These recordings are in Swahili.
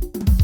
thank you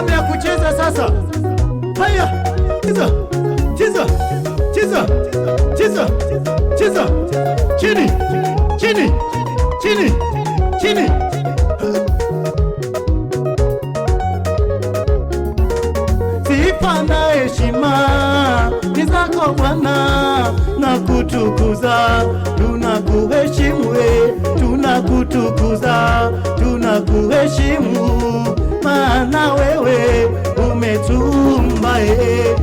namna ya kucheza sasa. Haya, cheza cheza cheza cheza cheza, chini chini chini chini Sifa na heshima ni zako Bwana, na kutukuza tunakuheshimu, eh, tunakutukuza tunakuheshimu na wewe umetumba e.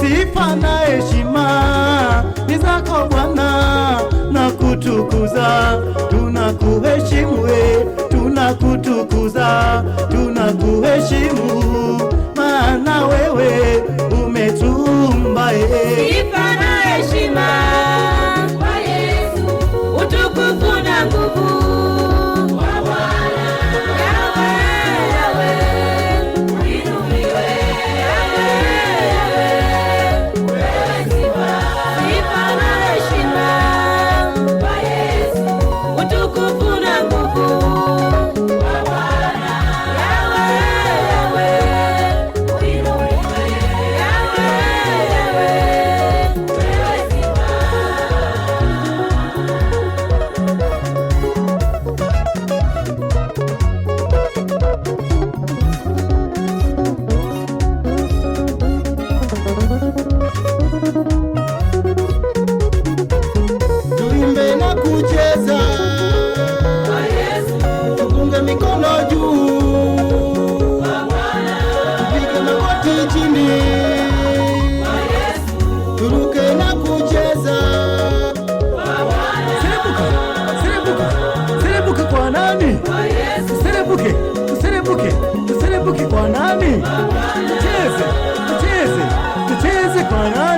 Sifa na heshima ni zako Bwana, na kutukuza tunakuheshimu e, tunakutukuza tunakuheshimu maana wewe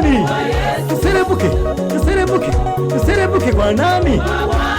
nani? Tuserebuke, tuserebuke, tuserebuke kwa nani?